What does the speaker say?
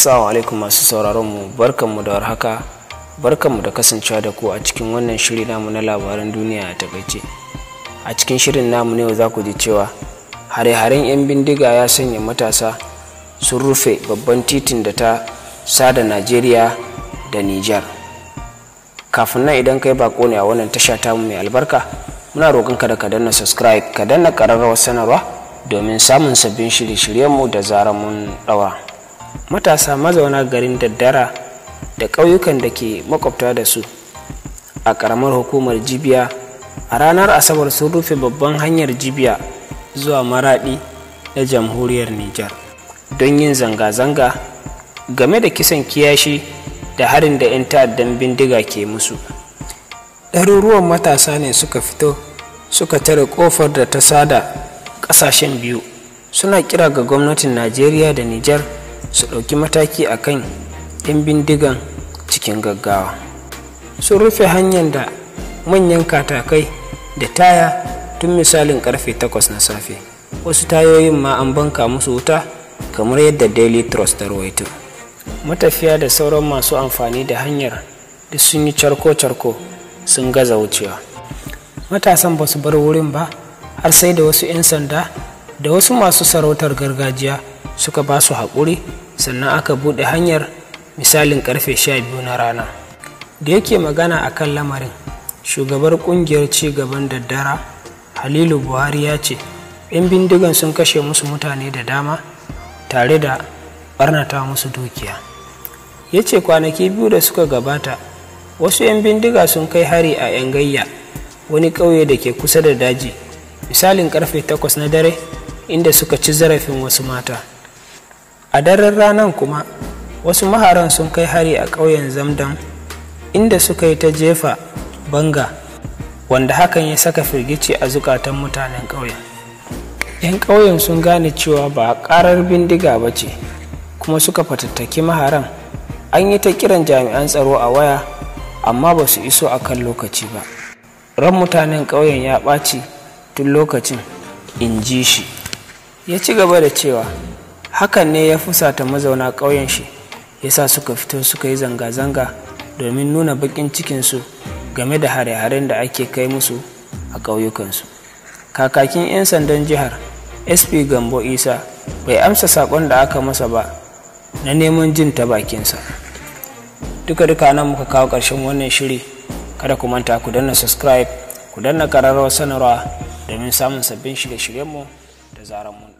Assalamu alaikum masu sauraron mu barkanmu da warhaka barkanmu da kasancewa da ku a cikin wannan shiri namu na labaran duniya a takaice a cikin shirin namu ne za ku ji cewa hare-haren 'yan bindiga ya sanya matasa sun rufe babban titin da ta sada Najeriya da Nijar kafin nan idan kai bako ne a wannan tasha ta mai albarka muna roƙon ka da ka danna subscribe ka danna ƙararrawar sanarwa domin samun sabbin shirye-shiryenmu da zarar mun ɗaura. matasa mazauna garin daddara da ƙauyukan da ke makwabta da su a ƙaramar hukumar jibiya a ranar asabar sun rufe babban hanyar jibiya zuwa maraɗi na jamhuriyar nijar don yin zanga-zanga game da kisan kiyashi da harin da 'yan ta'addan bindiga ke musu ɗaruruwan matasa ne suka fito suka tare ƙofar da ta sada ƙasashen biyu suna kira ga gwamnatin najeriya da nijar su ɗauki mataki a kan 'yan bindigan cikin gaggawa sun rufe hanyar da manyan katakai da taya tun misalin karfe 8 na safe wasu tayoyin ma an banka musu wuta kamar yadda daily trust ta rawaito matafiya da sauran masu amfani da hanyar da sun yi carko-carko sun gaza wucewa matasan ba su bar wurin ba har sai da wasu 'yan sanda da wasu masu sarautar gargajiya suka ba su haƙuri sannan aka buɗe hanyar misalin ƙarfe sha biyu na rana da yake magana a kan lamarin shugabar ƙungiyar ci gaban daddara halilu buhari ya ce 'yan bindigan sun kashe musu mutane da dama tare da barnata musu dukiya ya ce kwanaki biyu da suka gabata wasu 'yan bindiga sun kai hari a 'yan gayya wani ƙauye da ke kusa da daji misalin ƙarfe 8 na dare inda suka ci zarafin wasu mata a daren ranar kuma wasu maharan sun kai hari a ƙauyen zamdam inda suka yi ta jefa banga wanda hakan ya saka firgici a zukatan mutanen ƙauyen yan ƙauyen sun gane cewa ba a ƙarar bindiga ba ce kuma suka fatattaki maharan an yi ta kiran jami'an tsaro a waya amma ba su iso a kan lokaci ba ran mutanen ƙauyen ya ɓaci tun lokacin in ji shi ya ci gaba da cewa hakan ne ya fusata mazauna ƙauyen shi yasa suka fito suka yi zanga-zanga domin nuna baƙin cikinsu game da hare-haren da ake kai musu a ƙauyukansu kakakin 'yan sandan jihar sp gambo isa bai amsa saƙon da aka masa ba na neman jin ta bakinsa duka-duka nan muka kawo ƙarshen wannan shiri kada ku manta ku danna subscribe ku danna ƙararrawar sanarwa domin samun sabbin shirye-shiryenmu da zarar mun